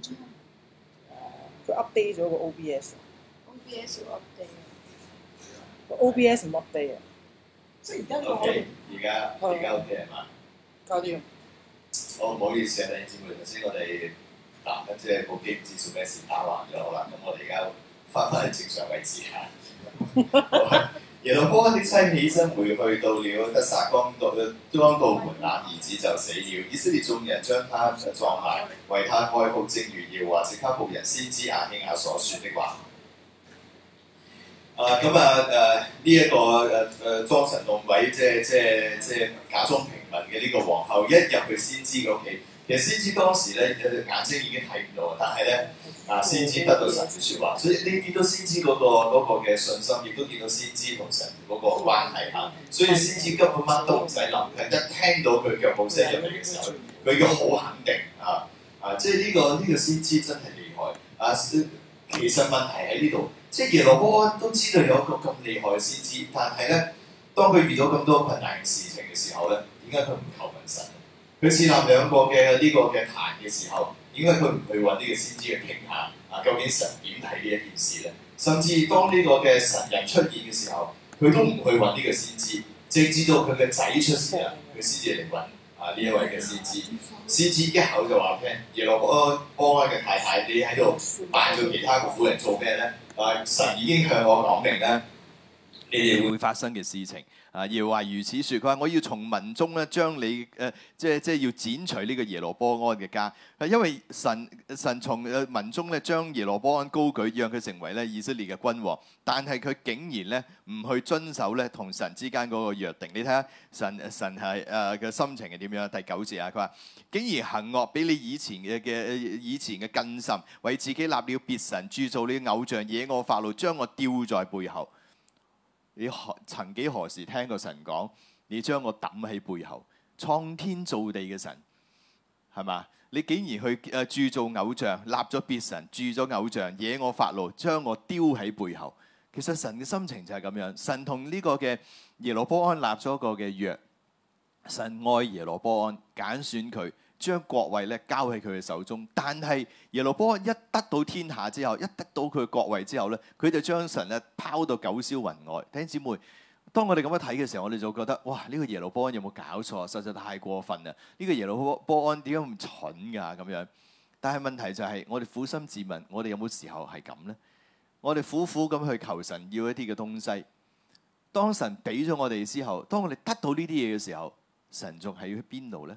佢、嗯、update 咗個 OBS OBS update。個 OBS 唔 update 啊。即係而家都 O K，而家而家 O K 係嘛？我搞掂定。好，唔好意思知啊，兩姊妹，頭先我哋嗱不知係部機唔知做咩事打橫咗，好啦，咁我哋而家翻返去正常位置啊。 耶羅波安的妻起身回去，到了得撒剛到，裝道門檻，兒子就死了。以色列眾人將他葬埋，為他哀哭，正如要話，這刻僕人先知亞希雅所說的話。啊，咁啊，誒呢一個誒誒裝神弄鬼，即係即係即係假裝平民嘅呢個皇后，一入去先知嘅屋企。其實先知當時咧，有隻眼睛已經睇唔到但係咧，啊先知得到神嘅説話，所以你見到先知嗰個嘅、那個、信心，亦都見到先知同神嗰個關係、啊、所以先知根本乜都唔使諗，係一聽到佢腳步聲入嚟嘅時候，佢已經好肯定啊啊，啊！即係、這、呢個呢、呢個先知真係厲害啊！其實問題喺呢度，即係耶羅波安都知道有一個咁厲害嘅先知，但係咧，當佢遇到咁多困難嘅事情嘅時候咧，點解佢唔求問神？佢設立兩個嘅呢個嘅壇嘅時候，點解佢唔去揾呢個先知去傾下？啊，究竟神點睇呢一件事咧？甚至當呢個嘅神人出現嘅時候，佢都唔去揾呢個先知，直至到佢嘅仔出事啊，佢先至嚟揾啊呢一位嘅先知。嗯、先知一口就話聽，耶羅波安嘅太太，你喺度扮咗其他個婦人做咩咧？啊，神已經向我講明咧。會發生嘅事情啊，耶和華如此說：佢話我要從民中咧將你誒、呃，即係即係要剪除呢個耶羅波安嘅家。啊，因為神神從誒民中咧將耶羅波安高舉，讓佢成為咧以色列嘅君王。但係佢竟然咧唔去遵守咧同神之間嗰個約定。你睇下、啊、神神係誒嘅心情係點樣？第九節啊，佢話竟然行惡，俾你以前嘅嘅以前嘅更甚，為自己立了別神，鑄造你偶像，惹我發怒，將我丟在背後。你何曾幾何時聽過神講？你將我揼喺背後，創天造地嘅神，係嘛？你竟然去誒鑄造偶像，立咗別神，鑄咗偶像，惹我發怒，將我丟喺背後。其實神嘅心情就係咁樣。神同呢個嘅耶羅波安立咗一個嘅約，神愛耶羅波安，揀選佢。將國位咧交喺佢嘅手中，但係耶路波安一得到天下之後，一得到佢國位之後咧，佢就將神咧拋到九霄雲外。聽，姊妹，當我哋咁樣睇嘅時候，我哋就覺得哇！呢個耶路波安有冇搞錯？實在太過分啦！呢個耶路波安點解咁蠢嘅啊？咁樣，但係問題就係，我哋苦心自問，我哋有冇時候係咁呢？我哋苦苦咁去求神要一啲嘅東西，當神俾咗我哋之後，當我哋得到呢啲嘢嘅時候，神仲喺邊度呢？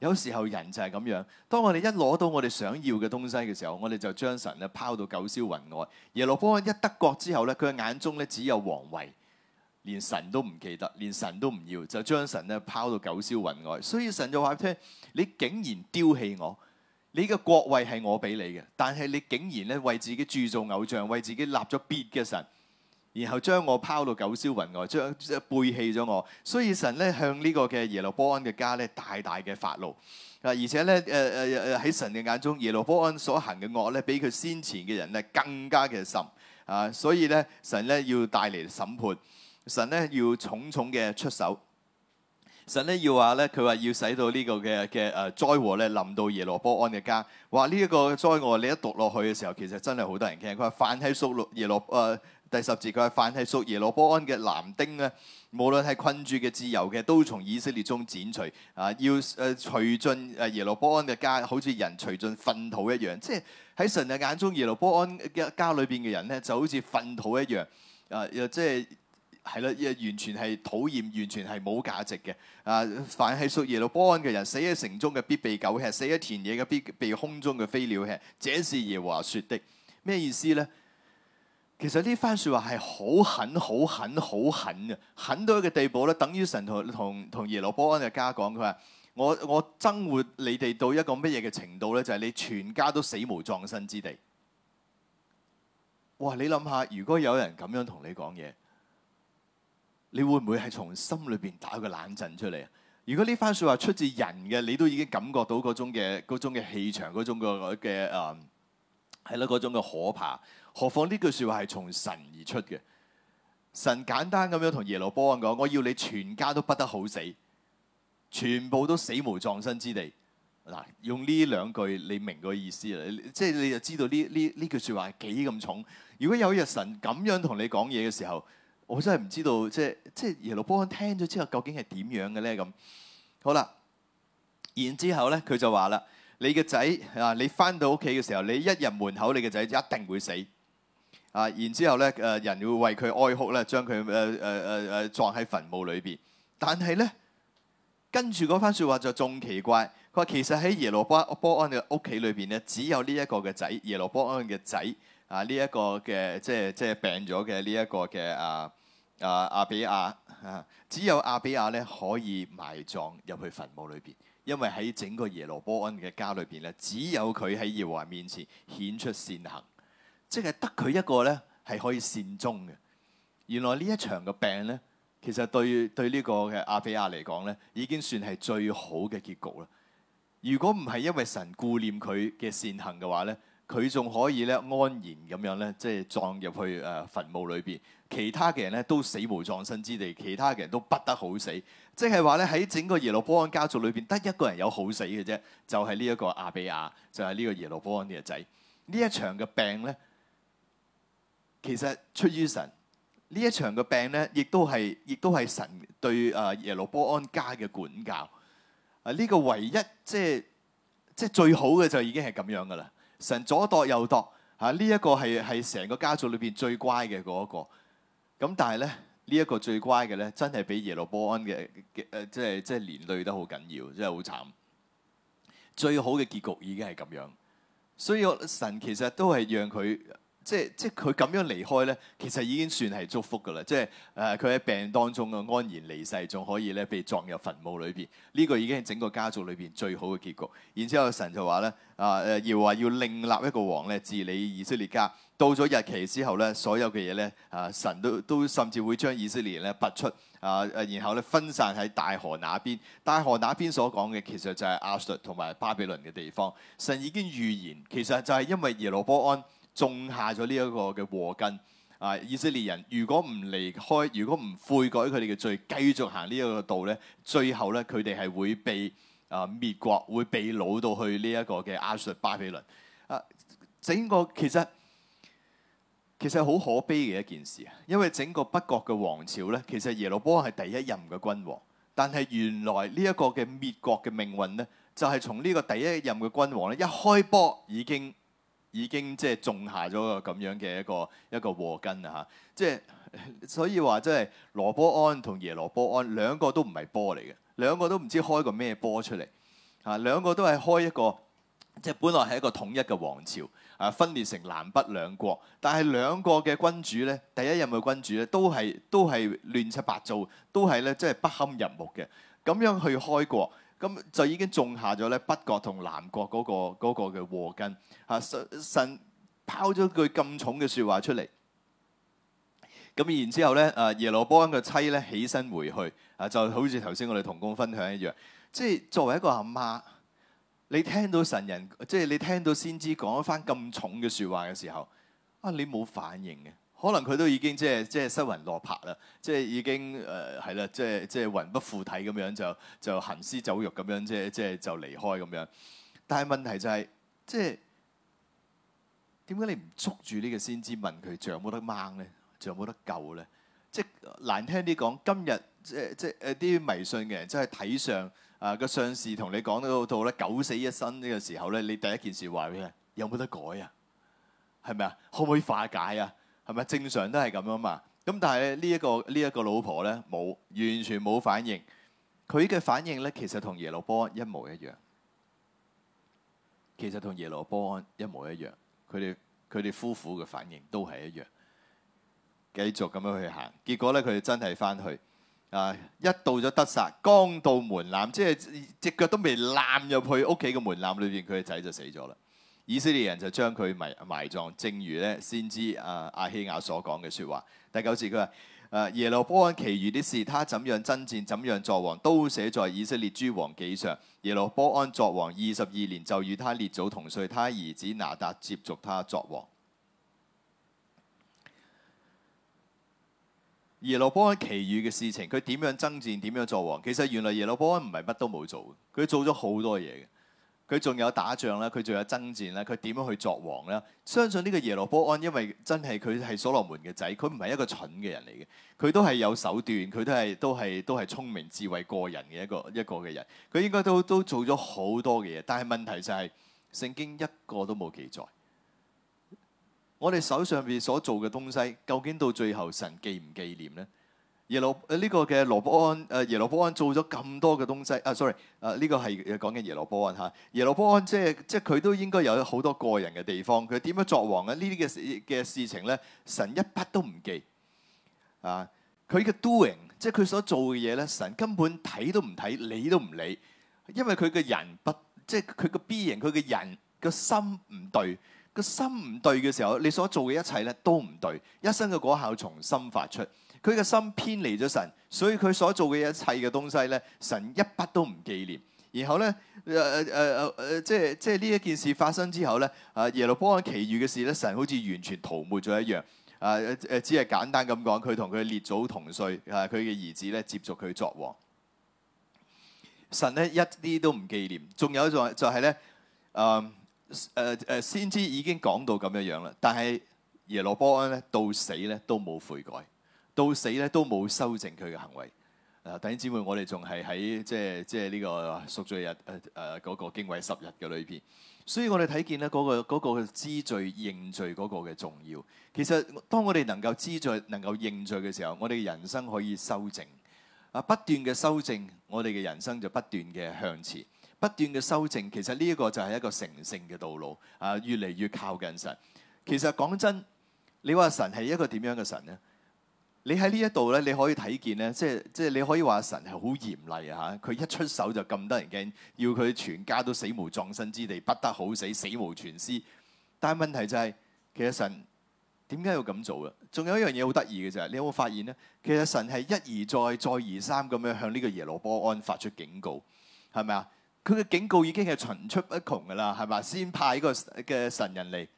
有時候人就係咁樣，當我哋一攞到我哋想要嘅東西嘅時候，我哋就將神咧拋到九霄雲外。耶羅波安一得國之後咧，佢嘅眼中咧只有王位，連神都唔記得，連神都唔要，就將神咧拋到九霄雲外。所以神就話：聽，你竟然丟棄我，你嘅國位係我俾你嘅，但係你竟然咧為自己鑄造偶像，為自己立咗別嘅神。然後將我拋到九霄雲外，將背棄咗我，所以神咧向呢個嘅耶羅波安嘅家咧大大嘅發怒啊！而且咧誒誒誒喺神嘅眼中，耶羅波安所行嘅惡咧比佢先前嘅人咧更加嘅甚啊！所以咧神咧要帶嚟審判，神咧要重重嘅出手，神咧要話咧佢話要使到個呢個嘅嘅誒災禍咧臨到耶羅波安嘅家，話呢一個災禍你一讀落去嘅時候，其實真係好多人驚。佢話犯起蘇魯耶路誒。啊第十節佢話：凡係屬耶路波安嘅男丁咧，無論係困住嘅、自由嘅，都從以色列中剪除。啊，要誒除盡誒耶路波安嘅家，好似人除盡糞土一樣。即係喺神嘅眼中，耶路波安嘅家裏邊嘅人咧，就好似糞土一樣。啊，又即係係啦，完全係討厭，完全係冇價值嘅。啊，凡係屬耶路波安嘅人，死喺城中嘅必被狗吃，死喺田野嘅必被空中嘅飛鳥吃。這是耶華說的。咩意思咧？其實呢番說話係好狠、好狠、好狠嘅，狠到一個地步咧，等於神同同同耶羅波安嘅家講，佢話：我我憎惡你哋到一個乜嘢嘅程度咧？就係、是、你全家都死無葬身之地。哇！你諗下，如果有人咁樣同你講嘢，你會唔會係從心裏邊打個冷震出嚟？如果呢番說話出自人嘅，你都已經感覺到嗰種嘅嗰種嘅氣場，嗰種嘅嘅啊，係咯嗰種嘅可怕。何況呢句説話係從神而出嘅，神簡單咁樣同耶羅波安講：我要你全家都不得好死，全部都死無葬身之地。嗱，用呢兩句你明個意思啦，即係你就知道呢呢句説話係幾咁重。如果有一日神咁樣同你講嘢嘅時候，我真係唔知道，即係即係耶羅波安聽咗之後究竟係點樣嘅呢？咁好啦，然之後呢，佢就話啦：你個仔啊，你翻到屋企嘅時候，你一入門口，你個仔一定會死。啊，然之後咧，誒人會為佢哀哭咧，將佢誒誒誒誒葬喺墳墓裏邊。但係咧，跟住嗰番説話就仲奇怪。佢話其實喺耶羅波波安嘅屋企裏邊咧，只有呢一個嘅仔，耶羅波安嘅仔啊，呢一個嘅即係即係病咗嘅呢一個嘅啊啊亞比亞啊，只有亞比亞咧可以埋葬入去墳墓裏邊，因為喺整個耶羅波安嘅家裏邊咧，只有佢喺耶和華面前顯出善行。即係得佢一個咧係可以善終嘅。原來呢一場嘅病咧，其實對對個阿呢個嘅亞比亞嚟講咧，已經算係最好嘅結局啦。如果唔係因為神顧念佢嘅善行嘅話咧，佢仲可以咧安然咁樣咧，即係葬入去誒墳墓裏邊。其他嘅人咧都死無葬身之地，其他嘅人都不得好死。即係話咧喺整個耶路波安家族裏邊，得一個人有好死嘅啫，就係呢一個亞比亞，就係、是、呢個耶路波安嘅仔。呢一場嘅病咧～其實出於神呢一場嘅病咧，亦都係亦都係神對誒耶羅波安家嘅管教。啊，呢個唯一即係即係最好嘅就已經係咁樣噶啦。神左度右度，吓呢一個係係成個家族裏邊最乖嘅嗰一個。咁但係咧呢一個最乖嘅咧，真係俾耶羅波安嘅嘅誒，即係即係連累得好緊要，真係好慘。最好嘅結局已經係咁樣，所以我神其實都係讓佢。即係即係佢咁樣離開咧，其實已經算係祝福噶啦。即係誒，佢、呃、喺病當中嘅安然離世，仲可以咧被葬入墳墓裏邊。呢、這個已經係整個家族裏邊最好嘅結局。然之後神就話咧啊誒，又、呃、話要，要另立一個王咧治理以色列家。到咗日期之後咧，所有嘅嘢咧啊，神都都甚至會將以色列咧拔出啊、呃、然後咧分散喺大河那邊。大河那邊所講嘅其實就係亞述同埋巴比倫嘅地方。神已經預言，其實就係因為耶羅波安。種下咗呢一個嘅禍根啊！以色列人如果唔離開，如果唔悔改佢哋嘅罪，繼續行呢一個道咧，最後咧佢哋係會被啊滅國，會被擄到去呢一個嘅亞述巴比倫啊！整個其實其實好可悲嘅一件事啊，因為整個北國嘅王朝咧，其實耶羅波安係第一任嘅君王，但係原來呢一個嘅滅國嘅命運咧，就係從呢個第一任嘅君王咧一開波已經。已經即係種下咗個咁樣嘅一個一個禍根啊！嚇，即係所以話即係羅波安同耶羅波安兩個都唔係波嚟嘅，兩個都唔知開個咩波出嚟啊！兩個都係開一個，即係本來係一個統一嘅王朝啊，分裂成南北兩國。但係兩個嘅君主咧，第一任嘅君主咧，都係都係亂七八糟，都係咧即係不堪入目嘅，咁樣去開國。咁就已經種下咗咧北國同南國嗰、那個嘅禍、那個、根，嚇、啊、神拋咗句咁重嘅説話出嚟，咁然之後咧，啊耶羅波安嘅妻咧起身回去，啊就好似頭先我哋同工分享一樣，即係作為一個阿媽，你聽到神人，即係你聽到先知講一番咁重嘅説話嘅時候，啊你冇反應嘅。可能佢都已經即係即係失魂落魄啦，即係已經誒係啦，即係即係魂不附體咁樣，就就行屍走肉咁樣，即係即係就離開咁樣。但係問題就係、是、即係點解你唔捉住呢個先知問佢仲有冇得掹咧，仲有冇得救咧？即係難聽啲講，今日即即誒啲迷信嘅人即係睇相啊，個相士同你講到到咧九死一生呢個時候咧，你第一件事話畀佢：「有冇得改啊？係咪啊？可唔可以化解啊？係咪正常都係咁樣嘛？咁但係呢一個呢一個老婆咧，冇完全冇反應。佢嘅反應咧，其實同耶路波安一模一樣。其實同耶路波安一模一樣。佢哋佢哋夫婦嘅反應都係一樣。繼續咁樣去行，結果咧佢哋真係返去啊！一到咗得撒，剛到門檻，即係隻腳都未攬入去屋企嘅門檻裏邊，佢嘅仔就死咗啦。以色列人就將佢埋埋葬，正如呢先知阿、啊、阿希雅所講嘅説話。第九節佢話：誒、啊、耶路波安其餘的事，他怎樣爭戰，怎樣作王，都寫在以色列諸王記上。耶路波安作王二十二年，就與他列祖同睡，他兒子拿達接續他作王。耶路波安其餘嘅事情，佢點樣爭戰，點樣作王？其實原來耶路波安唔係乜都冇做，佢做咗好多嘢嘅。佢仲有打仗啦，佢仲有爭戰啦，佢點樣去作王咧？相信呢個耶羅波安，因為真係佢係所羅門嘅仔，佢唔係一個蠢嘅人嚟嘅，佢都係有手段，佢都係都係都係聰明智慧過人嘅一個一個嘅人，佢應該都都做咗好多嘅嘢，但係問題就係、是、聖經一個都冇記載，我哋手上邊所做嘅東西，究竟到最後神記唔記念呢？耶、這個、羅呢個嘅羅波安誒，耶羅波安做咗咁多嘅東西啊，sorry，誒、啊、呢、這個係講緊耶羅波安吓，耶羅波安即係即係佢都應該有好多個人嘅地方，佢點樣作王嘅呢啲嘅嘅事情咧，神一筆都唔記啊，佢嘅 doing 即係佢所做嘅嘢咧，神根本睇都唔睇，理都唔理，因為佢嘅人不即係佢嘅 being，佢、就、嘅、是、人個心唔對，個心唔對嘅時候，你所做嘅一切咧都唔對，一生嘅果效從心發出。佢嘅心偏離咗神，所以佢所做嘅一切嘅東西咧，神一筆都唔記念。然後咧，誒誒誒誒誒，即係即係呢一件事發生之後咧，啊耶路波安其餘嘅事咧，神好似完全逃沒咗一樣。啊、呃、誒，只係簡單咁講，佢同佢列祖同歲啊，佢嘅兒子咧接續佢作王。神咧一啲都唔記念。仲有就就係咧，嗯誒誒，先知已經講到咁樣樣啦，但係耶路波安咧到死咧都冇悔改。到死咧都冇修正佢嘅行為，啊！弟兄姊妹，我哋仲係喺即係即係呢個贖罪日誒誒嗰個敬畏十日嘅裏邊，所以我哋睇見咧嗰個嗰個知罪認罪嗰個嘅重要。其實當我哋能夠知罪能夠認罪嘅時候，我哋人生可以修正啊！不斷嘅修正，我哋嘅人生就不斷嘅向前，不斷嘅修正。其實呢一個就係一個成聖嘅道路啊！越嚟越靠近神。其實講真，你話神係一個點樣嘅神呢？你喺呢一度咧，你可以睇見咧，即係即係你可以話神係好嚴厲啊吓，佢一出手就咁得人驚，要佢全家都死無葬身之地，不得好死，死無全屍。但係問題就係、是，其實神點解要咁做啊？仲有一樣嘢好得意嘅就係，你有冇發現咧？其實神係一而再，再而三咁樣向呢個耶羅波安發出警告，係咪啊？佢嘅警告已經係層出不窮噶啦，係咪？先派個嘅神人嚟。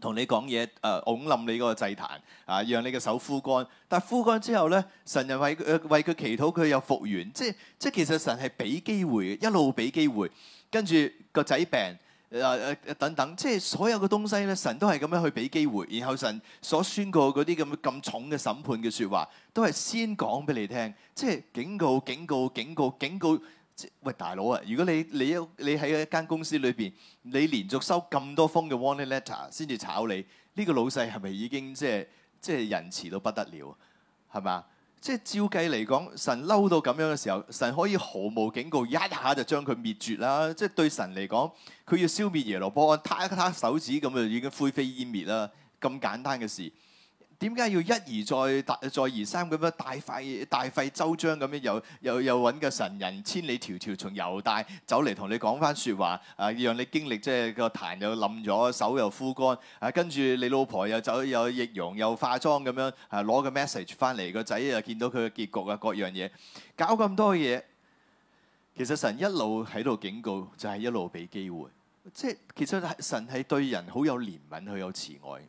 同你講嘢，誒、呃，擁冧你嗰個祭壇，啊，讓你嘅手枯乾。但係枯乾之後咧，神為為又為佢誒為佢祈禱，佢又復原。即係即係其實神係俾機會，一路俾機會。跟住個仔病誒誒、呃呃、等等，即係所有嘅東西咧，神都係咁樣去俾機會。然後神所宣告嗰啲咁咁重嘅審判嘅説話，都係先講俾你聽，即係警告警告警告警告。警告警告警告。喂，大佬啊！如果你你喐你喺一間公司裏邊，你連續收咁多封嘅 warning letter 先至炒你，呢個老細係咪已經即係即係仁慈到不得了？係嘛？即係照計嚟講，神嬲到咁樣嘅時候，神可以毫無警告一下就將佢滅絕啦。即係對神嚟講，佢要消滅耶羅波安，攤一攤手指咁就已經灰飛煙滅啦。咁簡單嘅事。點解要一而再、再而三咁樣大費大費周章咁樣又又又揾個神人千里迢迢從猶大走嚟同你講翻説話，啊讓你經歷即係個壇又冧咗，手又枯乾，啊跟住你老婆又走又易容又化妝咁樣，啊攞個 message 翻嚟個仔又見到佢嘅結局啊各樣嘢，搞咁多嘢，其實神一路喺度警告，就係一路俾機會，即係其實神係對人好有憐憫，佢有慈愛。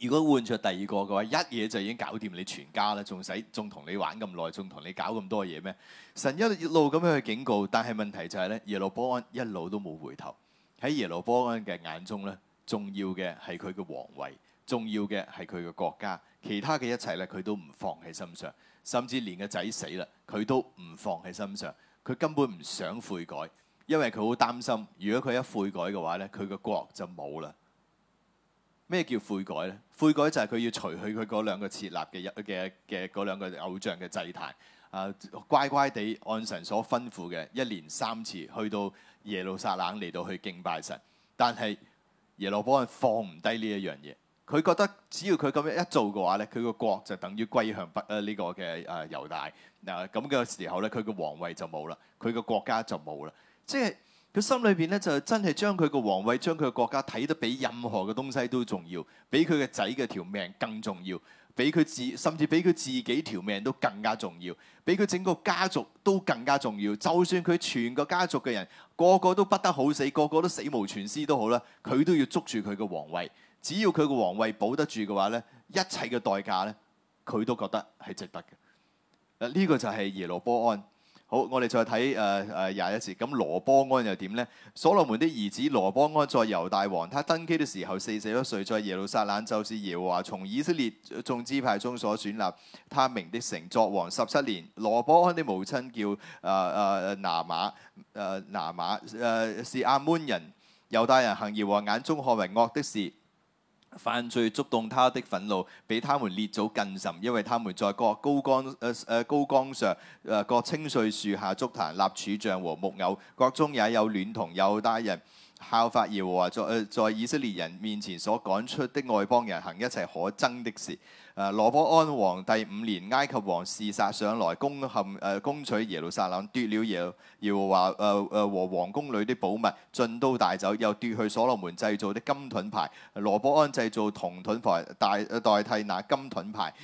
如果換着第二個嘅話，一嘢就已經搞掂你全家啦，仲使仲同你玩咁耐，仲同你搞咁多嘢咩？神一,一路咁樣去警告，但係問題就係咧，耶路波安一路都冇回頭。喺耶路波安嘅眼中咧，重要嘅係佢嘅皇位，重要嘅係佢嘅國家，其他嘅一切咧佢都唔放喺心上，甚至連個仔死啦，佢都唔放喺心上，佢根本唔想悔改，因為佢好擔心，如果佢一悔改嘅話咧，佢嘅國就冇啦。咩叫悔改呢？悔改就係佢要除去佢嗰兩個設立嘅嘅嘅嗰兩個偶像嘅祭壇，啊、呃、乖乖地按神所吩咐嘅，一年三次去到耶路撒冷嚟到去敬拜神。但係耶羅波安放唔低呢一樣嘢，佢覺得只要佢咁樣一做嘅話呢，佢個國就等於歸向北呢、呃，這個嘅啊猶大嗱。咁嘅時候呢，佢個皇位就冇啦，佢個國家就冇啦，即係。佢心裏邊咧就是、真係將佢個皇位、將佢個國家睇得比任何嘅東西都重要，比佢嘅仔嘅條命更重要，比佢自甚至比佢自己條命都更加重要，比佢整個家族都更加重要。就算佢全個家族嘅人個個都不得好死，個個都死無全屍都好啦，佢都要捉住佢嘅皇位。只要佢個皇位保得住嘅話咧，一切嘅代價咧，佢都覺得係值得嘅。呢、呢個就係耶羅波安。好，我哋再睇誒誒廿一節。咁、嗯、羅波安又點呢？所羅門的兒子羅波安在猶大王，他登基的時候四四一歲，在耶路撒冷就是耶和華從以色列眾支派中所選立他名的城作王十七年。羅波安的母親叫誒誒拿瑪誒拿、uh，馬誒，uh，是亞捫人，猶大人行耶和華眼中看為惡的事。犯罪觸動他的憤怒，比他們列祖更甚。因為他們在各高崗、誒、呃、誒高崗上、誒各青翠樹下築壇立柱像和木偶，各中也有孌童有大人。效法耶和華在在以色列人面前所趕出的外邦人，行一切可憎的事。誒、啊、羅波安王第五年，埃及王試殺上來，攻陷誒、啊、攻取耶路撒冷，奪了耶和華誒誒和王宮裏的寶物，盡都帶走，又奪去所羅門製造的金盾牌。羅波安製造銅盾牌，代代替那金盾牌，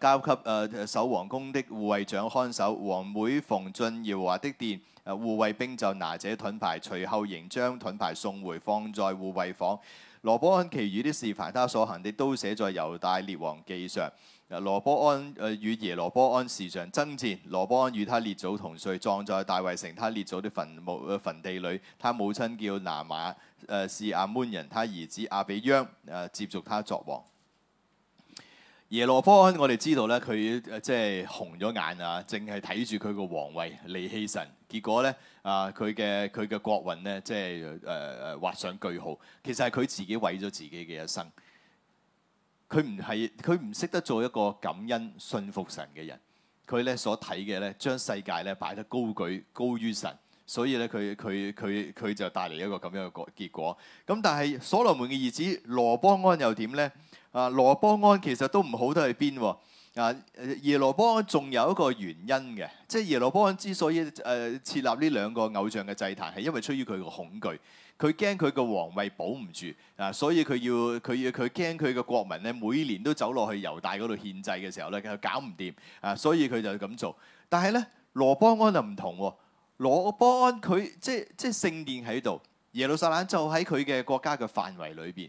交給誒、啊、守王宮的護衛長看守。王每逢進耶和華的殿。誒護衛兵就拿這盾牌，隨後仍將盾牌送回，放在護衛房。羅波安其餘啲事，凡他所行的，都寫在猶大列王記上。誒羅波安誒、呃、與耶羅波安時常爭戰。羅波安與他列祖同睡，葬在大衛城他列祖的墳墓誒、呃、墳地裏。他母親叫拿馬是亞、呃、門人，他兒子阿比央、呃、接續他作王。耶羅波安我哋知道呢，佢即係紅咗眼啊，淨係睇住佢個皇位，離棄神。結果咧，啊佢嘅佢嘅國運咧，即係誒誒畫上句號。其實係佢自己毀咗自己嘅一生。佢唔係佢唔識得做一個感恩信服神嘅人。佢咧所睇嘅咧，將世界咧擺得高舉高於神。所以咧，佢佢佢佢就帶嚟一個咁樣嘅結果。咁但係所羅門嘅兒子羅波安又點咧？啊，羅波安其實都唔好得去邊喎、啊。啊！耶羅波安仲有一個原因嘅，即係耶羅波安之所以誒設立呢兩個偶像嘅祭壇，係因為出於佢個恐懼，佢驚佢個皇位保唔住啊，所以佢要佢要佢驚佢嘅國民咧，每年都走落去猶大嗰度獻祭嘅時候咧，佢搞唔掂啊，所以佢就咁做。但係咧，羅波安就唔同喎，羅波安佢即係即係聖殿喺度，耶路撒冷就喺佢嘅國家嘅範圍裏邊。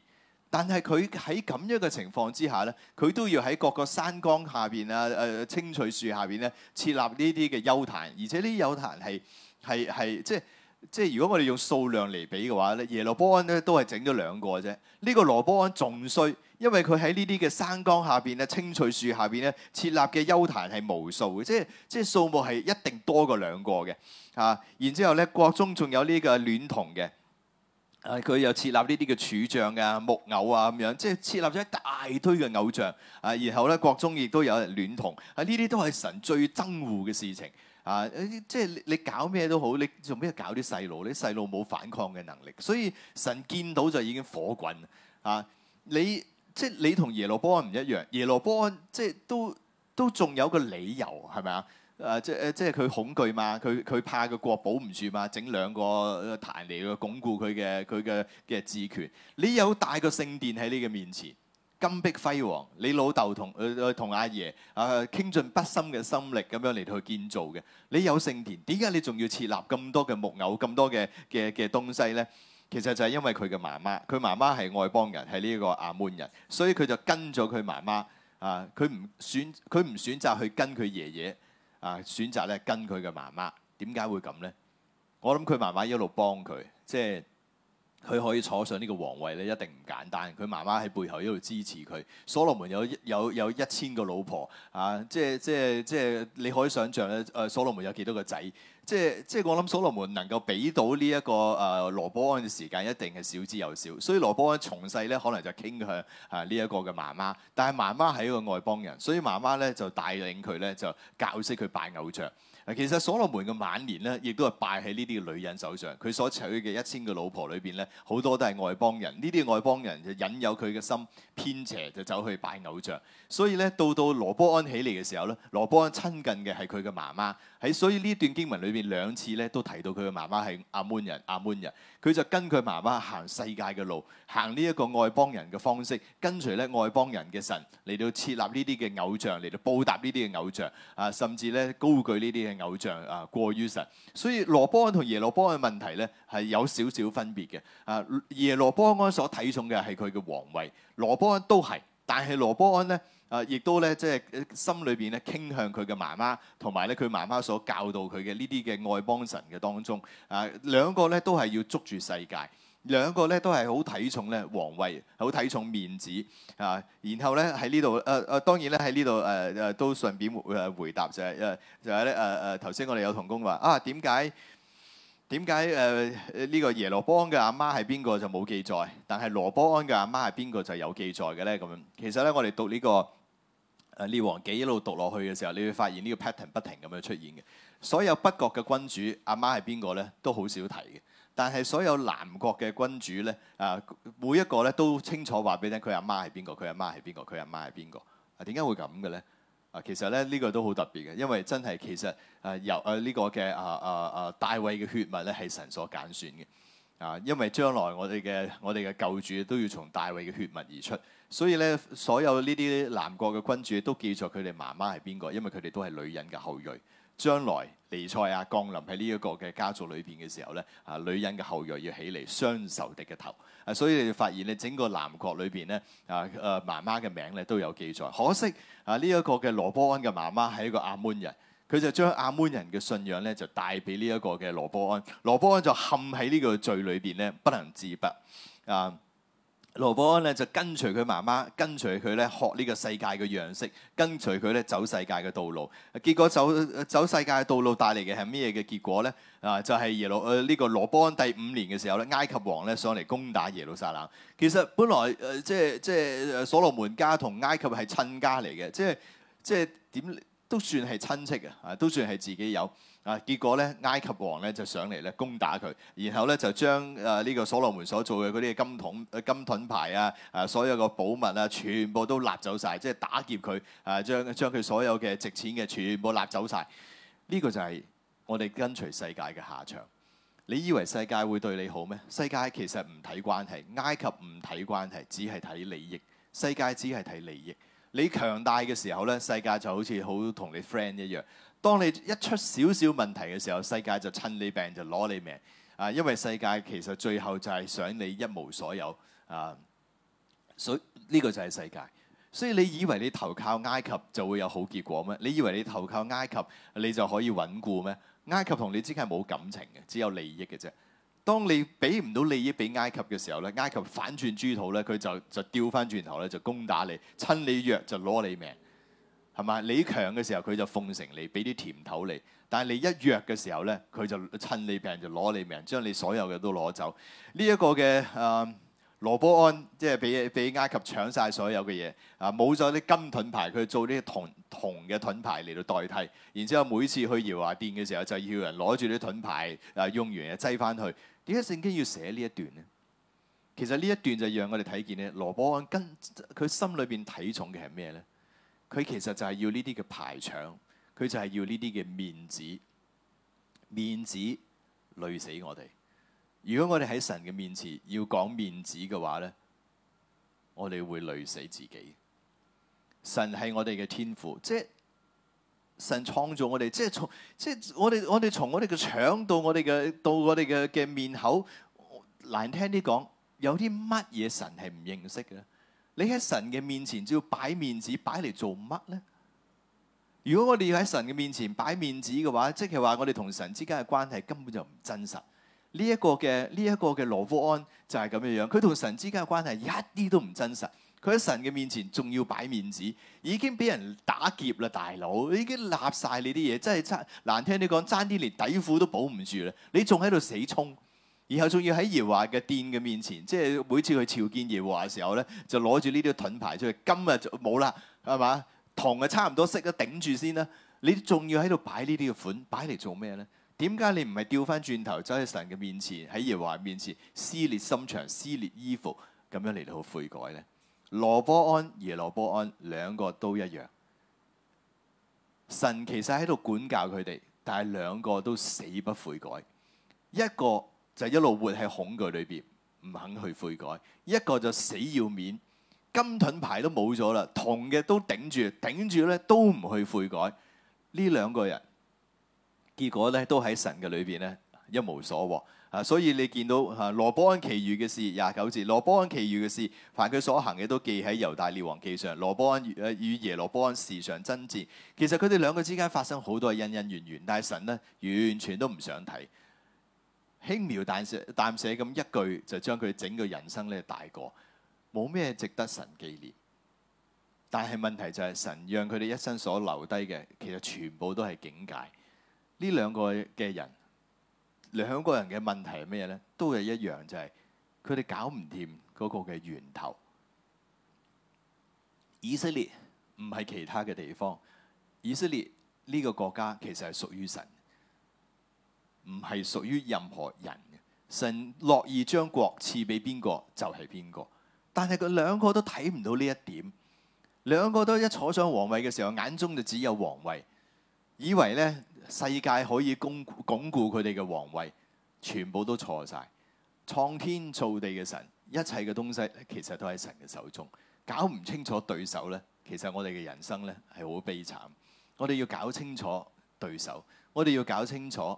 但係佢喺咁樣嘅情況之下咧，佢都要喺各個山崗下邊啊、誒、呃、青翠樹下邊咧設立呢啲嘅丘壇，而且呢啲丘壇係係係即係即係如果我哋用數量嚟比嘅話咧，耶羅波安咧都係整咗兩個啫。呢、這個羅波安仲衰，因為佢喺呢啲嘅山崗下邊咧、青翠樹下邊咧設立嘅丘壇係無數嘅，即係即係數目係一定多過兩個嘅。啊，然之後咧，國中仲有呢個孌童嘅。佢、啊、又設立呢啲嘅柱像啊木偶啊咁樣，即係設立咗一大堆嘅偶像啊。然後咧國中亦都有人孌童啊，呢啲都係神最憎惡嘅事情啊！即係你，你搞咩都好，你做咩搞啲細路？你細路冇反抗嘅能力，所以神見到就已經火滾啊！你即係你同耶羅波安唔一樣，耶羅波安即係都都仲有個理由係咪啊？誒即誒即係佢恐懼嘛，佢佢怕個國保唔住嘛，整兩個壇嚟去鞏固佢嘅佢嘅嘅治權。你有大個聖殿喺你嘅面前金碧輝煌，你老豆同同阿、呃、爺啊傾盡畢生嘅心力咁樣嚟到去建造嘅。你有聖殿，點解你仲要設立咁多嘅木偶、咁多嘅嘅嘅東西咧？其實就係因為佢嘅媽媽，佢媽媽係外邦人，係呢個亞捫人，所以佢就跟咗佢媽媽啊。佢唔選佢唔選擇去跟佢爺爺。啊！選擇咧跟佢嘅媽媽，點解會咁呢？我諗佢媽媽一路幫佢，即係佢可以坐上呢個皇位咧，一定唔簡單。佢媽媽喺背後一路支持佢。所羅門有有有一千個老婆啊！即係即係即係你可以想像咧，誒、呃、所羅門有幾多個仔？即係即係我諗所羅門能夠俾到呢、這、一個誒、呃、羅波安嘅時間，一定係少之又少。所以羅波安從細咧，可能就傾向啊呢一個嘅媽媽。但係媽媽係一個外邦人，所以媽媽咧就帶領佢咧就教識佢拜偶像。其實所羅門嘅晚年咧，亦都係拜喺呢啲女人手上。佢所娶嘅一千個老婆裏邊咧，好多都係外邦人。呢啲外邦人就引誘佢嘅心偏邪就走去拜偶像。所以咧，到到羅波安起嚟嘅時候咧，羅波安親近嘅係佢嘅媽媽。喺所以呢段經文裏邊兩次咧都提到佢嘅媽媽係亞捫人、亞捫人。佢就跟佢媽媽行世界嘅路，行呢一個外邦人嘅方式，跟隨咧外邦人嘅神嚟到設立呢啲嘅偶像嚟到報答呢啲嘅偶像啊，甚至咧高舉呢啲嘅偶像啊過於神。所以羅波安同耶羅波安嘅問題咧係有少少分別嘅。啊，耶羅波安所睇重嘅係佢嘅皇位，羅波安都係，但係羅波安咧。啊！亦都咧，即係心裏邊咧傾向佢嘅媽媽，同埋咧佢媽媽所教導佢嘅呢啲嘅愛邦神嘅當中，啊兩個咧都係要捉住世界，兩個咧都係好睇重咧皇位，好睇重面子啊！然後咧喺呢度，誒誒、啊、當然咧喺呢度誒誒都順便誒回答就係、是、誒就係咧誒誒頭先我哋有同工話啊點解？點解誒呢個耶羅波安嘅阿媽係邊個就冇記載？但係羅波安嘅阿媽係邊個就有記載嘅咧？咁樣其實咧、這個，我哋讀呢個列王紀一路讀落去嘅時候，你會發現呢個 pattern 不停咁樣出現嘅。所有北國嘅君主阿媽係邊個咧，都好少提嘅。但係所有南國嘅君主咧，啊每一個咧都清楚話俾你聽，佢阿媽係邊個，佢阿媽係邊個，佢阿媽係邊個。啊，點解會咁嘅咧？啊，其實咧呢個都好特別嘅，因為真係其實誒由誒呢個嘅啊啊啊大衛嘅血脈咧係神所揀選嘅，啊，因為將來我哋嘅我哋嘅救主都要從大衛嘅血脈而出，所以咧所有呢啲南國嘅君主都記載佢哋媽媽係邊個，因為佢哋都係女人嘅後裔。將來尼賽亞降臨喺呢一個嘅家族裏邊嘅時候咧，啊，女人嘅後裔要起嚟傷仇敵嘅頭，啊，所以你哋發現咧，整個南國裏邊咧，啊，誒媽媽嘅名咧都有記載。可惜啊，呢一個嘅羅波安嘅媽媽係一個亞捫人，佢就將亞捫人嘅信仰咧就帶俾呢一個嘅羅波安，羅波安就陷喺呢個罪裏邊咧，不能自拔。啊！羅波安咧就跟隨佢媽媽，跟隨佢咧學呢個世界嘅樣式，跟隨佢咧走世界嘅道路。結果走走世界嘅道路帶嚟嘅係咩嘅結果咧？啊，就係、是、耶路誒呢、呃呢個羅波安第五年嘅時候咧，埃及王咧上嚟攻打耶路撒冷。其實本來誒、呃、即係即係所羅門家同埃及係親家嚟嘅，即係即係點都算係親戚啊，都算係自己有。啊！結果咧，埃及王咧就上嚟咧攻打佢，然後咧就將誒呢個所羅門所做嘅嗰啲金桶、金盾牌啊，啊所有嘅寶物啊，全部都擸走晒，即係打劫佢，誒將將佢所有嘅值錢嘅全部擸走晒。呢個就係我哋跟隨世界嘅下場。你以為世界會對你好咩？世界其實唔睇關係，埃及唔睇關係，只係睇利益。世界只係睇利益。你強大嘅時候咧，世界就好似好同你 friend 一樣。當你一出少少問題嘅時候，世界就趁你病就攞你命啊！因為世界其實最後就係想你一無所有啊！所以呢個就係世界。所以你以為你投靠埃及就會有好結果咩？你以為你投靠埃及你就可以穩固咩？埃及同你之間係冇感情嘅，只有利益嘅啫。當你俾唔到利益俾埃及嘅時候咧，埃及反轉豬肚咧，佢就就掉翻轉頭咧就攻打你，趁你弱就攞你命。係嘛？你強嘅時候，佢就奉承你，俾啲甜頭你；但係你一弱嘅時候咧，佢就趁你病就攞你命，將你所有嘅都攞走。呢、這、一個嘅誒、啊、羅波安，即係俾俾埃及搶晒所有嘅嘢啊！冇咗啲金盾牌，佢做啲銅銅嘅盾牌嚟到代替。然之後每次去耶和華殿嘅時候，就要人攞住啲盾牌啊，用完又擠翻去。點解聖經要寫呢一段呢？其實呢一段就讓我哋睇見呢，羅波安跟佢心裏邊睇重嘅係咩咧？佢其實就係要呢啲嘅排場，佢就係要呢啲嘅面子，面子累死我哋。如果我哋喺神嘅面前要講面子嘅話呢，我哋會累死自己。神係我哋嘅天父，即係神創造我哋，即係從即係我哋我哋從我哋嘅腸到我哋嘅到我哋嘅嘅面口，難聽啲講，有啲乜嘢神係唔認識嘅？你喺神嘅面前就要擺面子，擺嚟做乜呢？如果我哋要喺神嘅面前擺面子嘅話，即係話我哋同神之間嘅關係根本就唔真實。呢一個嘅呢一個嘅羅富安就係咁樣樣，佢同神之間嘅關係一啲都唔真實。佢喺神嘅面前仲要擺面子，已經俾人打劫啦，大佬已經立晒你啲嘢，真係差難聽啲講，爭啲連底褲都保唔住啦。你仲喺度死充？然後仲要喺耶和華嘅殿嘅面前，即係每次去朝見耶和華嘅時候咧，就攞住呢啲盾牌出去。今日就冇啦，係嘛？銅嘅差唔多色啦，頂住先啦。你仲要喺度擺呢啲嘅款，擺嚟做咩呢？點解你唔係掉翻轉頭走去神嘅面前，喺耶和華面前撕裂心腸、撕裂衣服，咁樣嚟到悔改呢？羅波安、耶羅波安兩個都一樣，神其實喺度管教佢哋，但係兩個都死不悔改，一個，就一路活喺恐懼裏邊，唔肯去悔改；一個就死要面，金盾牌都冇咗啦，銅嘅都頂住，頂住咧都唔去悔改。呢兩個人結果咧都喺神嘅裏邊咧一無所獲啊！所以你見到、啊、羅波安其餘嘅事廿九節，羅波安其餘嘅事，凡佢所行嘅都記喺猶大列王記上。羅波安、呃、與耶羅波安時常爭戰，其實佢哋兩個之間發生好多恩恩怨怨，但係神咧完全都唔想睇。輕描淡寫、淡寫咁一句就將佢整個人生咧帶過，冇咩值得神紀念。但係問題就係、是、神讓佢哋一生所留低嘅，其實全部都係警戒。呢兩個嘅人，兩個人嘅問題係咩呢？都係一樣，就係佢哋搞唔掂嗰個嘅源頭。以色列唔係其他嘅地方，以色列呢個國家其實係屬於神。唔係屬於任何人嘅，神樂意將國賜俾邊個就係邊個。但係佢兩個都睇唔到呢一點，兩個都一坐上皇位嘅時候，眼中就只有皇位，以為呢世界可以鞏鞏固佢哋嘅皇位，全部都錯晒。創天造地嘅神，一切嘅東西其實都喺神嘅手中。搞唔清楚對手呢，其實我哋嘅人生呢係好悲慘。我哋要搞清楚對手，我哋要搞清楚。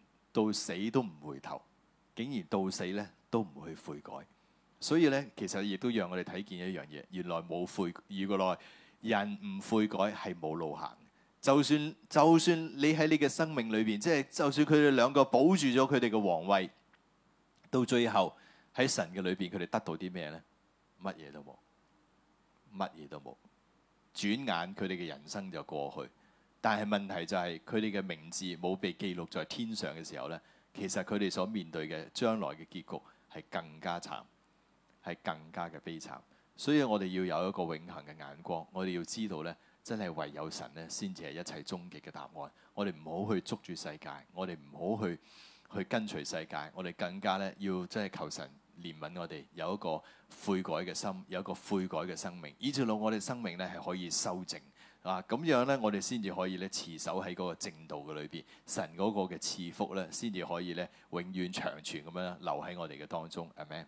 到死都唔回頭，竟然到死咧都唔去悔改，所以咧其實亦都讓我哋睇見一樣嘢，原來冇悔如果來人唔悔改係冇路行，就算就算你喺你嘅生命裏邊，即係就算佢哋兩個保住咗佢哋嘅皇位，到最後喺神嘅裏邊，佢哋得到啲咩呢？乜嘢都冇，乜嘢都冇，轉眼佢哋嘅人生就過去。但係問題就係佢哋嘅名字冇被記錄在天上嘅時候呢，其實佢哋所面對嘅將來嘅結局係更加慘，係更加嘅悲慘。所以我哋要有一個永恆嘅眼光，我哋要知道呢，真係唯有神呢先至係一切終極嘅答案。我哋唔好去捉住世界，我哋唔好去去跟隨世界，我哋更加呢，要真係求神憐憫我哋，有一個悔改嘅心，有一個悔改嘅生命，以至到我哋生命呢，係可以修正。啊，咁樣咧，我哋先至可以咧持守喺嗰個正道嘅裏邊，神嗰個嘅賜福咧，先至可以咧永遠長存咁樣留喺我哋嘅當中。係咪？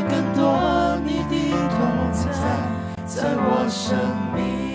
更多你的同在，在我生命。.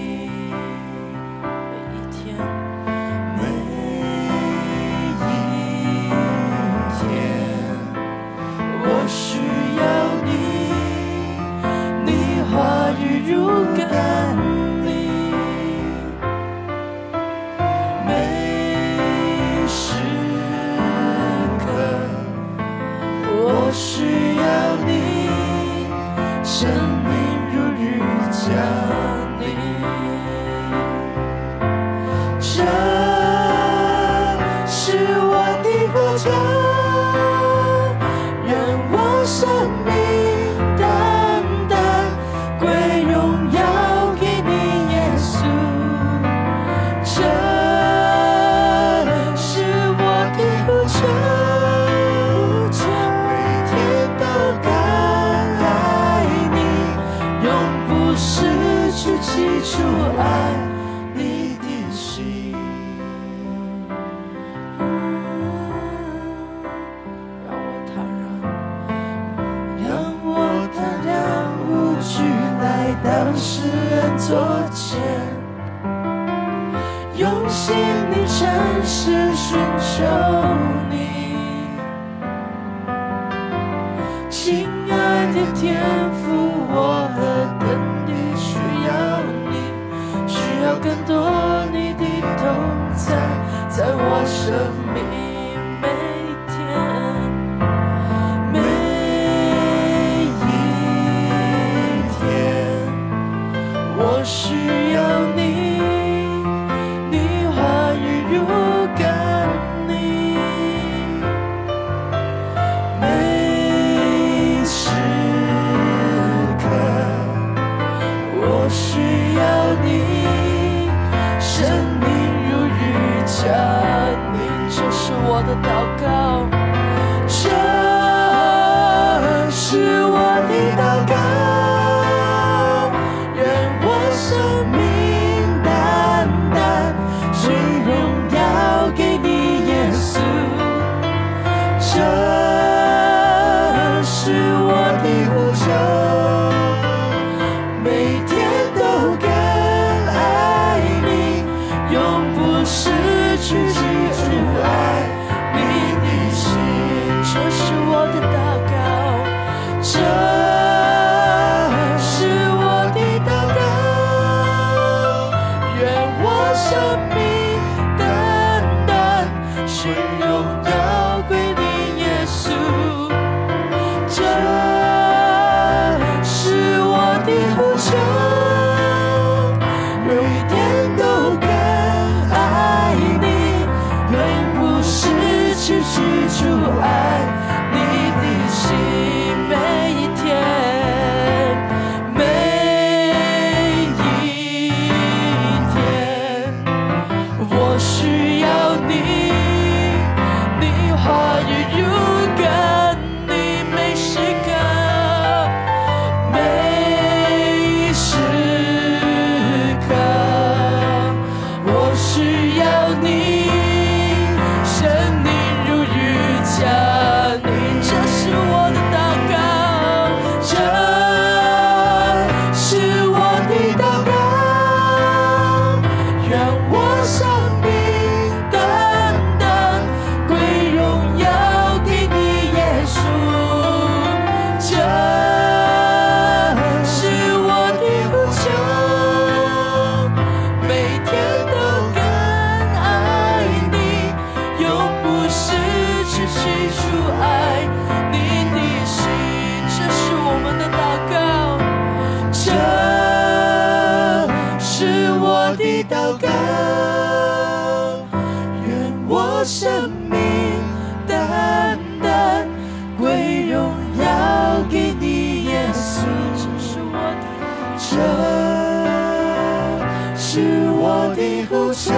主，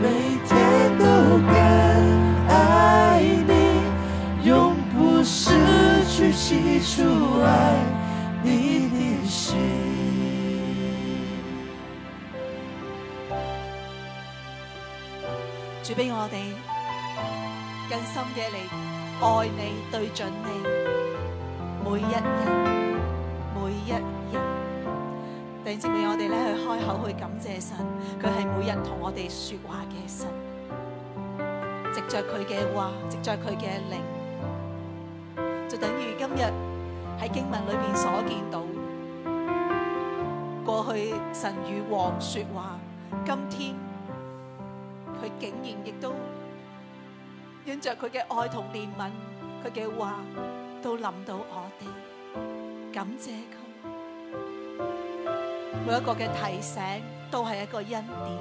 每天都更愛你，永不失去起初愛你的心。主，俾我哋更深嘅嚟愛你，對準你，每一日，每一。弟兄姊妹，我哋咧去開口去感謝神，佢係每日同我哋說話嘅神。藉著佢嘅話，藉著佢嘅靈，就等於今日喺經文裏邊所見到，過去神與王說話，今天佢竟然亦都因著佢嘅愛同憐憫，佢嘅話都臨到我哋，感謝佢。每一個嘅提醒都係一個恩典，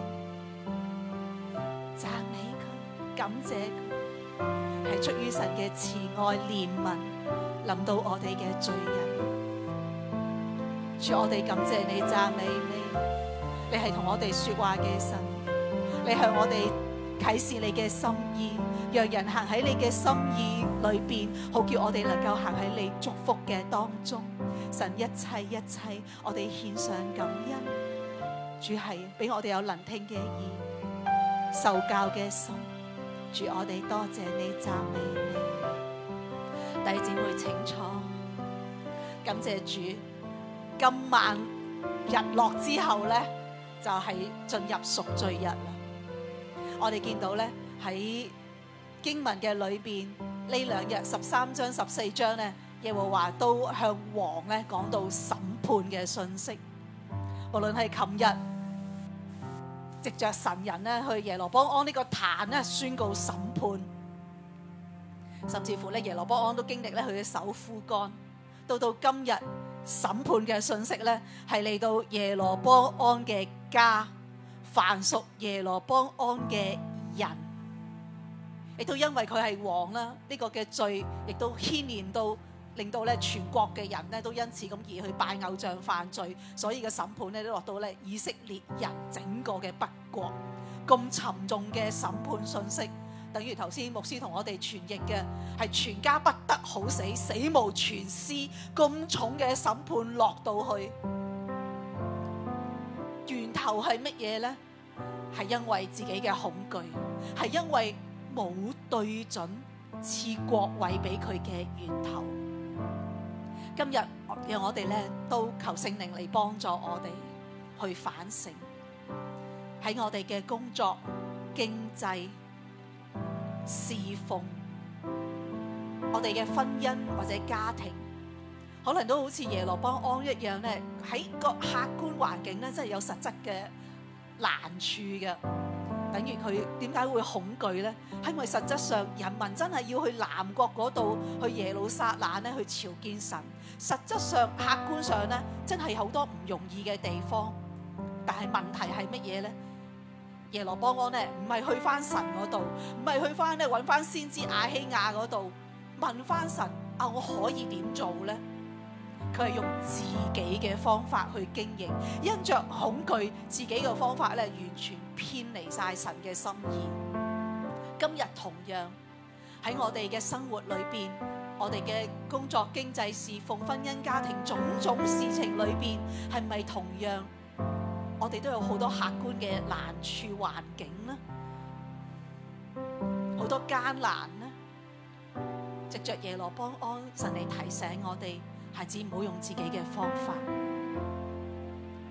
讚美佢，感謝佢，係出於神嘅慈愛憐憫，諗到我哋嘅罪人。主，我哋感謝你，讚美你，你係同我哋說話嘅神，你向我哋啟示你嘅心意，讓人行喺你嘅心意裏邊，好叫我哋能夠行喺你祝福嘅當中。神一切一切，我哋獻上感恩。主係俾我哋有聆聽嘅意、受教嘅心。主，我哋多謝你，讚美你。弟兄姊妹請坐。感謝主，今晚日落之後咧，就係、是、進入贖罪日啦。我哋見到咧喺經文嘅裏邊呢兩日十三章十四章咧。耶和華都向王咧講到審判嘅信息，無論係琴日藉着神人咧去耶羅波安呢個壇咧宣告審判，甚至乎咧耶羅波安都經歷咧佢嘅手枯乾，到到今日審判嘅信息咧係嚟到耶羅波安嘅家，凡屬耶羅波安嘅人，亦都因為佢係王啦，呢個嘅罪亦都牽連到。令到咧全國嘅人咧都因此咁而去拜偶像犯罪，所以嘅審判咧都落到咧以色列人整個嘅北國，咁沉重嘅審判信息，等於頭先牧師同我哋傳譯嘅係全家不得好死，死無全屍。咁重嘅審判落到去，源頭係乜嘢呢？係因為自己嘅恐懼，係因為冇對準賜國位俾佢嘅源頭。今日讓我哋咧都求聖靈嚟幫助我哋去反省，喺我哋嘅工作、經濟、侍奉，我哋嘅婚姻或者家庭，可能都好似耶羅波安一樣咧，喺個客觀環境咧真係有實質嘅難處嘅。等於佢點解會恐懼咧？係因為實質上人民真係要去南國嗰度去耶路撒冷咧去朝見神？實質上客觀上呢，真係好多唔容易嘅地方。但係問題係乜嘢呢？耶羅波安呢，唔係去翻神嗰度，唔係去翻呢，揾翻先知亞希亞嗰度問翻神啊，我可以點做呢？」佢係用自己嘅方法去經營，因着恐懼，自己嘅方法咧完全偏離晒神嘅心意。今日同樣喺我哋嘅生活裏邊，我哋嘅工作、經濟事奉、婚姻、家庭種種事情裏邊，係咪同樣我哋都有好多客觀嘅難處、環境呢，好多艱難呢。藉着，着耶羅波安神嚟提醒我哋。孩子，唔好用自己嘅方法，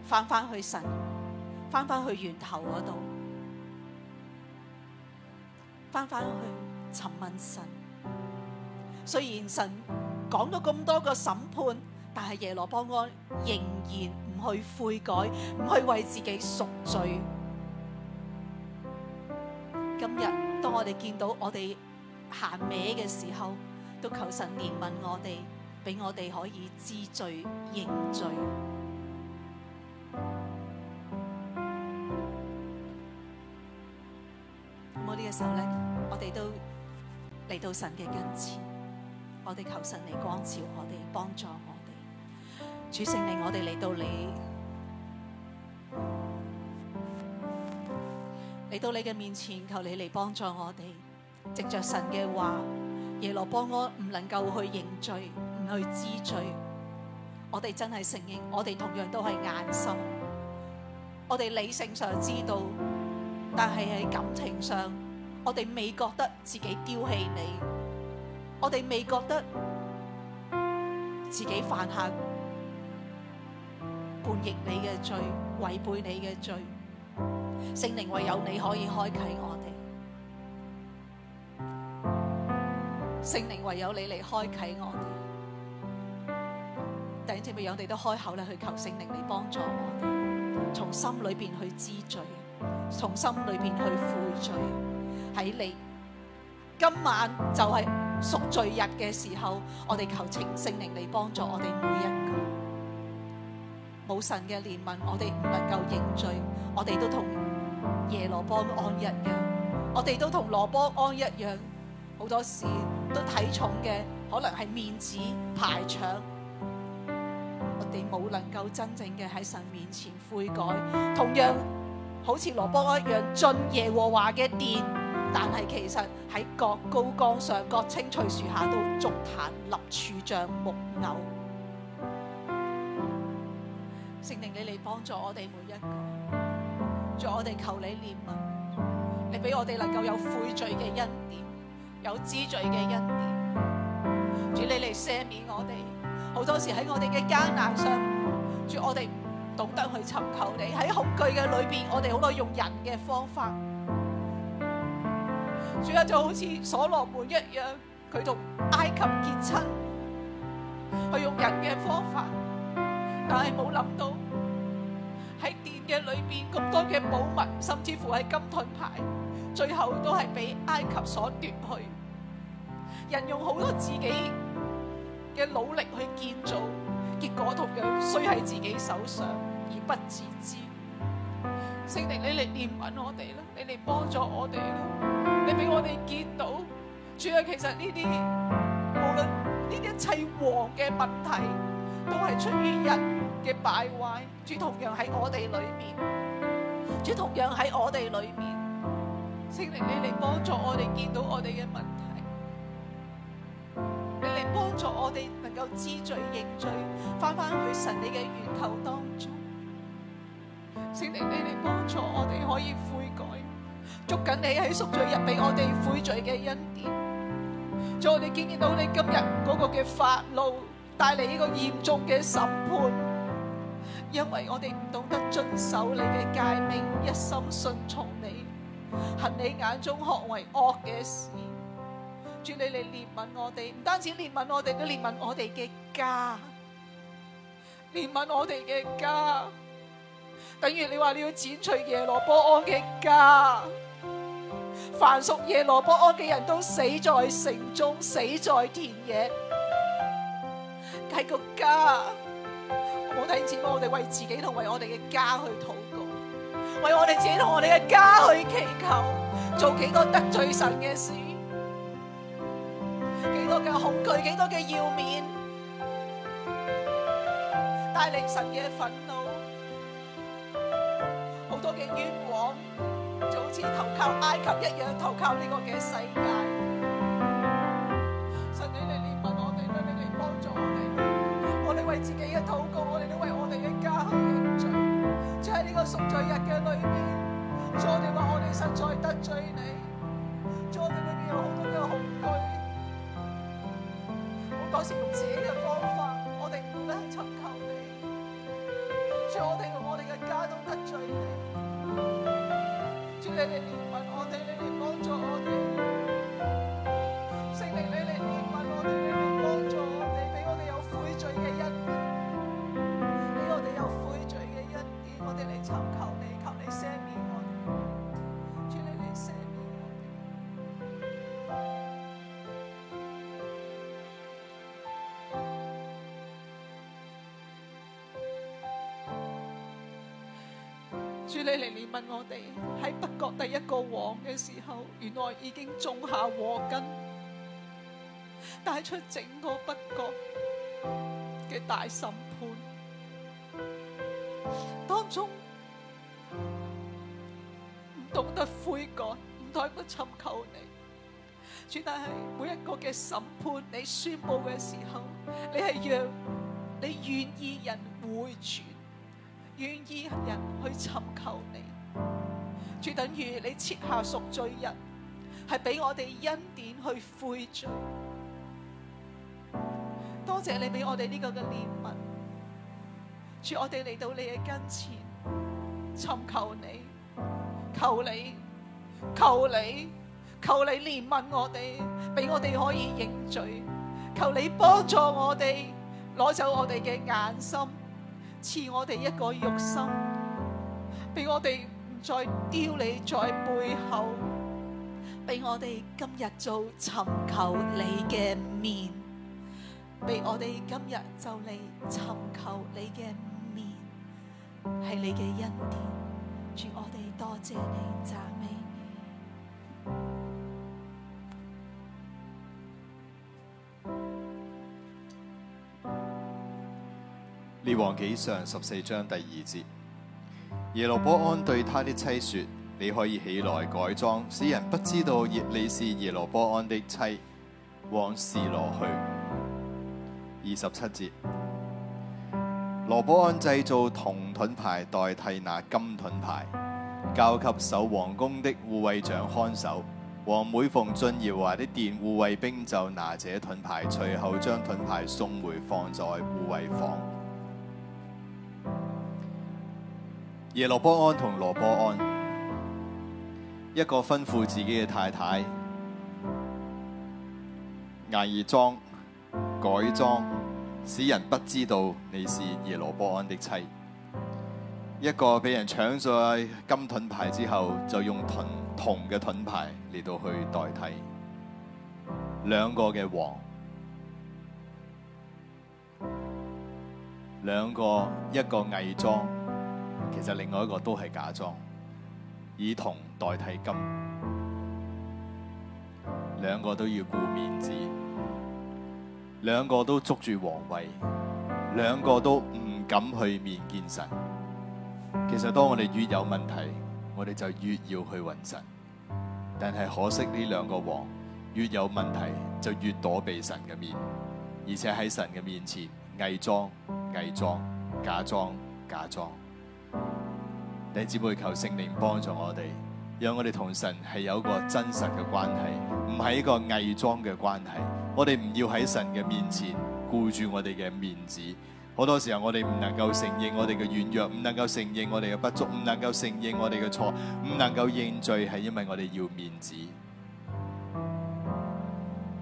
返返去神，返返去源頭嗰度，返返去詢問神。雖然神講咗咁多個審判，但係耶羅邦安仍然唔去悔改，唔去為自己贖罪。今日當我哋見到我哋行歪嘅時候，都求神憐憫我哋。俾我哋可以知罪認罪。我呢個時候咧，我哋都嚟到神嘅跟前，我哋求神嚟光照我哋，幫助我哋。主聖靈，我哋嚟到你嚟到你嘅面前，求你嚟幫助我哋。藉着神嘅話，耶羅波安我唔能夠去認罪。去知罪，我哋真係承認，我哋同樣都係硬心。我哋理性上知道，但係喺感情上，我哋未覺得自己丟棄你，我哋未覺得自己犯下叛逆你嘅罪、違背你嘅罪。聖靈唯有你可以開啟我哋，聖靈唯有你嚟開啟我哋。第一次咪，我哋都開口咧去求聖靈嚟幫助我哋，從心裏邊去知罪，從心裏邊去悔罪。喺你今晚就係贖罪日嘅時候，我哋求請聖、聖靈嚟幫助我哋每一句冇神嘅憐憫，我哋唔能夠認罪，我哋都同耶羅波安一樣，我哋都同羅波安一樣，好多時都睇重嘅，可能係面子排場。我哋冇能夠真正嘅喺神面前悔改，同樣好似羅波一樣進耶和華嘅殿，但係其實喺各高崗上、各青翠樹下都築壇立柱像木偶。聖靈你嚟幫助我哋每一個，助我哋求你憐憫，你俾我哋能夠有悔罪嘅恩典，有知罪嘅恩典，主你嚟赦免我哋。好多時喺我哋嘅艱難上，主我哋唔懂得去尋求你；喺恐懼嘅裏邊，我哋好多用人嘅方法。主啊，就好似所羅門一樣，佢同埃及結親，去用人嘅方法，但係冇諗到喺殿嘅裏邊咁多嘅寶物，甚至乎係金盾牌，最後都係俾埃及所奪去。人用好多自己嘅努力去建造，結果同樣衰喺自己手上而不自知。聖靈你嚟憐憫我哋啦，你嚟幫助我哋啦，你俾我哋見到主要其實呢啲無論呢一切王嘅問題都係出於人嘅敗壞，主同樣喺我哋裏面，主同樣喺我哋裏面。聖靈你嚟幫助我哋見到我哋嘅問題。幫助我哋能夠知罪認罪，翻翻去神你嘅源頭當中。聖靈你哋幫助我哋可以悔改，捉緊你喺贖罪日俾我哋悔罪嘅恩典。在我哋見見到你今日嗰個嘅法怒，帶嚟呢個嚴重嘅審判，因為我哋唔懂得遵守你嘅誡命，一心順從你，行你眼中看為惡嘅事。住你嚟憐憫我哋，唔單止憐憫我哋，都憐憫我哋嘅家，憐憫我哋嘅家。等於你話你要剪除耶羅波安嘅家，凡屬耶羅波安嘅人都死在城中，死在田野，係個家。我冇睇錢，我哋為自己同為我哋嘅家去禱告，為我哋自己同我哋嘅家去祈求，做幾個得罪神嘅事。幾多嘅恐懼，幾多嘅要面，帶嚟神嘅憤怒，好多嘅冤枉，就好似投靠埃及一樣投靠呢個嘅世界。神你嚟，你問我哋，願唔願意幫助我哋？我哋為自己嘅禱告，我哋都為我哋嘅家去認罪。在呢個贖罪日嘅裏面，我哋話我哋實在得罪你。我哋裏邊有好多嘅恐懼。當時用自己嘅方法，我哋唔好緊係尋求你，像我哋。主你連連問我哋喺北國第一個王嘅時候，原來已經種下禍根，帶出整個北國嘅大審判當中，唔懂得悔改，唔懂得尋求你。主但係每一個嘅審判你宣布嘅時候，你係讓你願意人悔主。願意人，人去尋求你，就等於你設下贖罪日，係俾我哋恩典去悔罪。多謝你俾我哋呢個嘅憐憫，主，我哋嚟到你嘅跟前，尋求你，求你，求你，求你憐憫我哋，俾我哋可以認罪。求你幫助我哋攞走我哋嘅眼心。賜我哋一個肉心，俾我哋唔再丟你在背後，俾我哋今日做尋求你嘅面，俾我哋今日就嚟尋求你嘅面，係你嘅恩典，主我哋多謝，謝你讚。《王紀》上十四章第二節，耶羅波安對他的妻說：你可以起來改裝，使人不知道葉利是耶羅波安的妻。往事落去。二十七節，羅波安製造銅盾牌代替那金盾牌，交給守王宮的護衛長看守，王每逢進耶和華的殿，護衛兵就拿這盾牌，隨後將盾牌送回，放在護衛房。耶羅波安同羅波安，一個吩咐自己嘅太太，偽裝改裝，使人不知道你是耶羅波安的妻；一個被人搶咗金盾牌之後，就用盾銅嘅盾牌嚟到去代替。兩個嘅王，兩個一個偽裝。其實另外一個都係假裝，以銅代替金，兩個都要顧面子，兩個都捉住皇位，兩個都唔敢去面見神。其實當我哋越有問題，我哋就越要去揾神。但係可惜呢兩個王越有問題，就越躲避神嘅面，而且喺神嘅面前偽裝、偽裝、假裝、假裝。弟兄姊妹，求聖靈幫助我哋，讓我哋同神係有一個真實嘅關係，唔係一個偽裝嘅關係。我哋唔要喺神嘅面前顧住我哋嘅面子。好多時候我哋唔能夠承認我哋嘅軟弱，唔能夠承認我哋嘅不足，唔能夠承認我哋嘅錯，唔能夠認罪，係因為我哋要面子。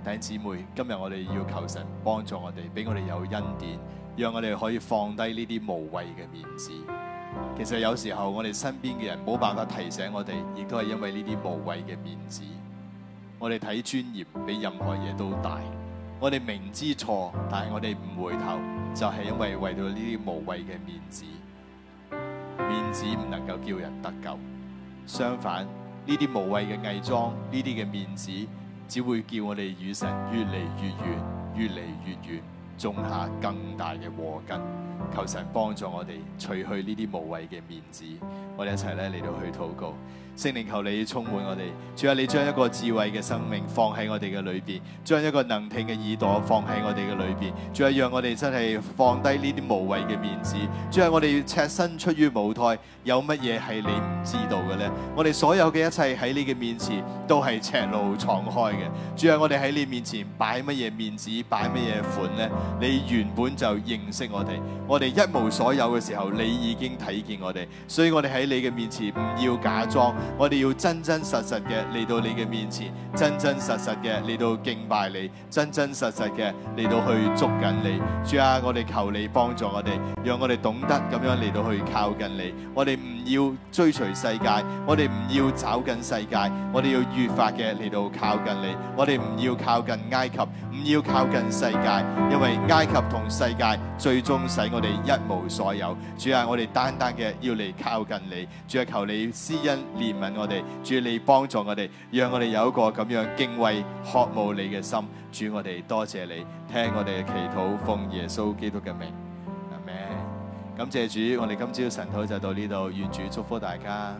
弟兄姊妹，今日我哋要求神幫助我哋，俾我哋有恩典，讓我哋可以放低呢啲無謂嘅面子。其實有時候我哋身邊嘅人冇辦法提醒我哋，亦都係因為呢啲無謂嘅面子。我哋睇尊嚴比任何嘢都大。我哋明知錯，但係我哋唔回頭，就係、是、因為為到呢啲無謂嘅面子。面子唔能夠叫人得救，相反呢啲無謂嘅偽裝，呢啲嘅面子只會叫我哋與神越嚟越遠，越嚟越遠。種下更大嘅禍根，求神幫助我哋除去呢啲無謂嘅面子。我哋一齊咧嚟，到去禱告。聖靈求你充滿我哋，仲有，你將一個智慧嘅生命放喺我哋嘅裏邊，將一個能聽嘅耳朵放喺我哋嘅裏邊，仲有，讓我哋真係放低呢啲無謂嘅面子，仲有，我哋赤身出於舞台，有乜嘢係你唔知道嘅呢？我哋所有嘅一切喺你嘅面前都係赤露敞開嘅，仲有，我哋喺你面前擺乜嘢面子，擺乜嘢款呢？你原本就認識我哋，我哋一無所有嘅時候，你已經睇見我哋，所以我哋喺你嘅面前唔要假裝。我哋要真真實實嘅嚟到你嘅面前，真真實實嘅嚟到敬拜你，真真實實嘅嚟到去捉緊你。主啊，我哋求你幫助我哋，讓我哋懂得咁樣嚟到去靠近你。我哋唔要追隨世界，我哋唔要找緊世界，我哋要越發嘅嚟到靠近你。我哋唔要靠近埃及，唔要靠近世界，因為埃及同世界最終使我哋一無所有。主啊，我哋單單嘅要嚟靠近你。主啊，求你施恩憐憫。問我哋，主你幫助我哋，讓我哋有一個咁樣敬畏、渴慕你嘅心。主，我哋多謝你，聽我哋嘅祈禱，奉耶穌基督嘅名。阿們，感謝主，我哋今朝晨禱就到呢度，願主祝福大家。